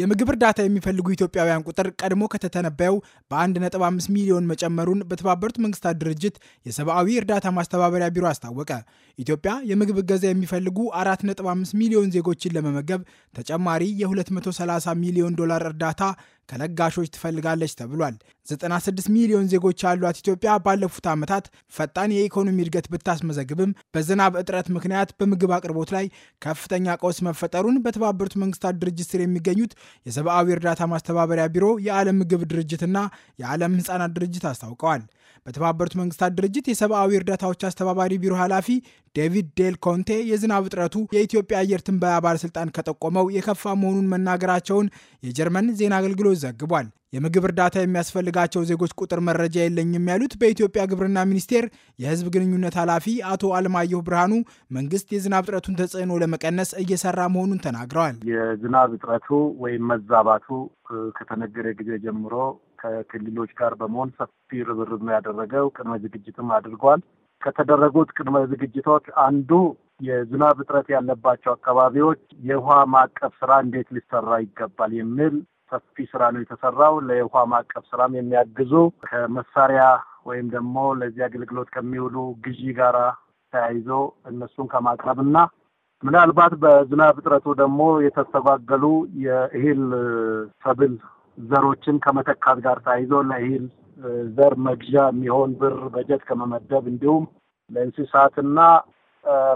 የምግብ እርዳታ የሚፈልጉ ኢትዮጵያውያን ቁጥር ቀድሞ ከተተነበየው በ1.5 ሚሊዮን መጨመሩን በተባበሩት መንግስታት ድርጅት የሰብአዊ እርዳታ ማስተባበሪያ ቢሮ አስታወቀ። ኢትዮጵያ የምግብ እገዛ የሚፈልጉ 4.5 ሚሊዮን ዜጎችን ለመመገብ ተጨማሪ የ230 ሚሊዮን ዶላር እርዳታ ከለጋሾች ትፈልጋለች ተብሏል። 96 ሚሊዮን ዜጎች ያሏት ኢትዮጵያ ባለፉት ዓመታት ፈጣን የኢኮኖሚ እድገት ብታስመዘግብም በዝናብ እጥረት ምክንያት በምግብ አቅርቦት ላይ ከፍተኛ ቀውስ መፈጠሩን በተባበሩት መንግስታት ድርጅት ስር የሚገኙት የሰብአዊ እርዳታ ማስተባበሪያ ቢሮ፣ የዓለም ምግብ ድርጅትና የዓለም ህፃናት ድርጅት አስታውቀዋል። በተባበሩት መንግስታት ድርጅት የሰብአዊ እርዳታዎች አስተባባሪ ቢሮ ኃላፊ ዴቪድ ዴል ኮንቴ የዝናብ እጥረቱ የኢትዮጵያ አየር ትንበያ ባለስልጣን ከጠቆመው የከፋ መሆኑን መናገራቸውን የጀርመን ዜና አገልግሎት ዘግቧል። የምግብ እርዳታ የሚያስፈልጋቸው ዜጎች ቁጥር መረጃ የለኝም ያሉት በኢትዮጵያ ግብርና ሚኒስቴር የህዝብ ግንኙነት ኃላፊ አቶ አለማየሁ ብርሃኑ መንግስት የዝናብ እጥረቱን ተጽዕኖ ለመቀነስ እየሰራ መሆኑን ተናግረዋል። የዝናብ እጥረቱ ወይም መዛባቱ ከተነገረ ጊዜ ጀምሮ ከክልሎች ጋር በመሆን ሰፊ ርብርብ ነው ያደረገው። ቅድመ ዝግጅትም አድርጓል። ከተደረጉት ቅድመ ዝግጅቶች አንዱ የዝናብ እጥረት ያለባቸው አካባቢዎች የውሃ ማቀፍ ስራ እንዴት ሊሰራ ይገባል የሚል ሰፊ ስራ ነው የተሰራው። ለውሃ ማዕቀፍ ስራም የሚያግዙ ከመሳሪያ ወይም ደግሞ ለዚህ አገልግሎት ከሚውሉ ግዢ ጋራ ተያይዞ እነሱን ከማቅረብ እና ምናልባት በዝናብ እጥረቱ ደግሞ የተስተጓገሉ የእህል ሰብል ዘሮችን ከመተካት ጋር ተያይዞ ለእህል ዘር መግዣ የሚሆን ብር በጀት ከመመደብ እንዲሁም ለእንስሳትና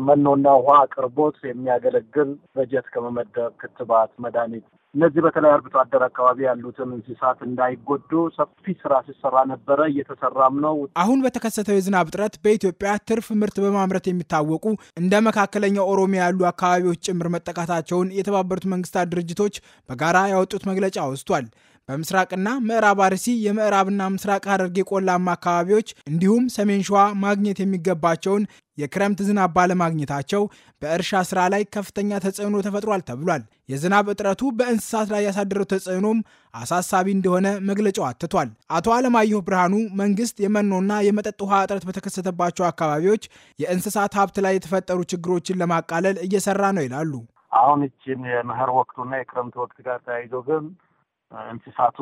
መኖና ውሃ አቅርቦት የሚያገለግል በጀት ከመመደብ፣ ክትባት፣ መድኃኒት እነዚህ በተለይ አርብቶ አደር አካባቢ ያሉትን እንስሳት እንዳይጎዱ ሰፊ ስራ ሲሰራ ነበረ፣ እየተሰራም ነው። አሁን በተከሰተው የዝናብ እጥረት በኢትዮጵያ ትርፍ ምርት በማምረት የሚታወቁ እንደ መካከለኛው ኦሮሚያ ያሉ አካባቢዎች ጭምር መጠቃታቸውን የተባበሩት መንግስታት ድርጅቶች በጋራ ያወጡት መግለጫ አውስቷል። በምስራቅና ምዕራብ አርሲ የምዕራብና ምስራቅ ሐረርጌ ቆላማ አካባቢዎች እንዲሁም ሰሜን ሸዋ ማግኘት የሚገባቸውን የክረምት ዝናብ ባለማግኘታቸው በእርሻ ስራ ላይ ከፍተኛ ተጽዕኖ ተፈጥሯል ተብሏል። የዝናብ እጥረቱ በእንስሳት ላይ ያሳደረው ተጽዕኖም አሳሳቢ እንደሆነ መግለጫው አትቷል። አቶ አለማየሁ ብርሃኑ መንግስት የመኖና የመጠጥ ውሃ እጥረት በተከሰተባቸው አካባቢዎች የእንስሳት ሀብት ላይ የተፈጠሩ ችግሮችን ለማቃለል እየሰራ ነው ይላሉ። አሁን እችን የመኸር ወቅቱና የክረምት ወቅት ጋር ተያይዞ ግን እንስሳቱ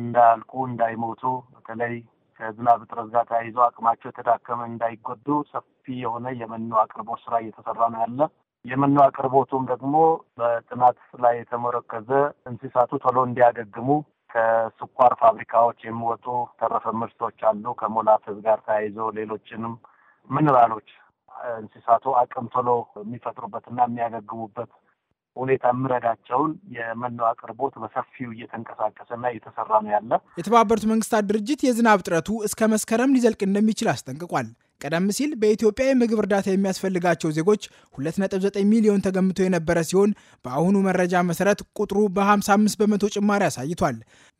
እንዳያልቁ እንዳይሞቱ በተለይ ከዝናብ እጥረት ጋር ተያይዞ አቅማቸው የተዳከመ እንዳይጎዱ ሰፊ የሆነ የመኖ አቅርቦት ስራ እየተሰራ ነው ያለ። የመኖ አቅርቦቱም ደግሞ በጥናት ላይ የተመረከዘ እንስሳቱ ቶሎ እንዲያገግሙ ከስኳር ፋብሪካዎች የሚወጡ ተረፈ ምርቶች አሉ። ከሞላተዝ ጋር ተያይዞ ሌሎችንም ምንራሎች እንስሳቱ አቅም ቶሎ የሚፈጥሩበትና የሚያገግሙበት ሁኔታ የምረዳቸውን የመኖ አቅርቦት በሰፊው እየተንቀሳቀሰና እየተሰራ ነው ያለ። የተባበሩት መንግስታት ድርጅት የዝናብ እጥረቱ እስከ መስከረም ሊዘልቅ እንደሚችል አስጠንቅቋል። ቀደም ሲል በኢትዮጵያ የምግብ እርዳታ የሚያስፈልጋቸው ዜጎች 2.9 ሚሊዮን ተገምቶ የነበረ ሲሆን በአሁኑ መረጃ መሰረት ቁጥሩ በ55 በመቶ ጭማሪ አሳይቷል።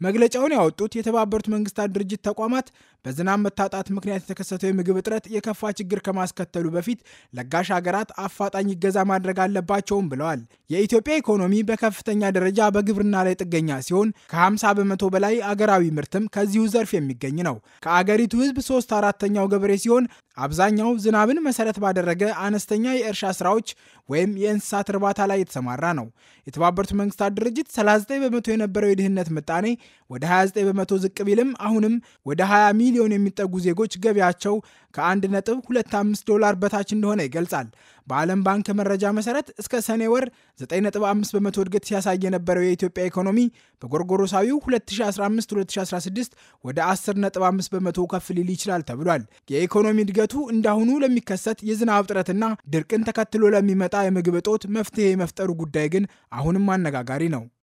መግለጫውን ያወጡት የተባበሩት መንግስታት ድርጅት ተቋማት በዝናብ መታጣት ምክንያት የተከሰተው የምግብ እጥረት የከፋ ችግር ከማስከተሉ በፊት ለጋሽ ሀገራት አፋጣኝ ይገዛ ማድረግ አለባቸውም ብለዋል። የኢትዮጵያ ኢኮኖሚ በከፍተኛ ደረጃ በግብርና ላይ ጥገኛ ሲሆን ከ50 በመቶ በላይ አገራዊ ምርትም ከዚሁ ዘርፍ የሚገኝ ነው። ከአገሪቱ ህዝብ ሶስት አራተኛው ገበሬ ሲሆን አብዛኛው ዝናብን መሰረት ባደረገ አነስተኛ የእርሻ ስራዎች ወይም የእንስሳት እርባታ ላይ የተሰማራ ነው። የተባበሩት መንግስታት ድርጅት 39 በመቶ የነበረው የድህነት ምጣኔ ወደ 29 በመቶ ዝቅ ቢልም አሁንም ወደ 20 ሚሊዮን የሚጠጉ ዜጎች ገቢያቸው ከ1.25 ዶላር በታች እንደሆነ ይገልጻል። በዓለም ባንክ መረጃ መሰረት እስከ ሰኔ ወር 9.5 በመቶ እድገት ሲያሳይ የነበረው የኢትዮጵያ ኢኮኖሚ በጎርጎሮሳዊው 2015-2016 ወደ 10.5 በመቶ ከፍ ሊል ይችላል ተብሏል። የኢኮኖሚ እድገቱ እንዳሁኑ ለሚከሰት የዝናብ እጥረትና ድርቅን ተከትሎ ለሚመጣ የምግብ እጦት መፍትሄ የመፍጠሩ ጉዳይ ግን አሁንም አነጋጋሪ ነው።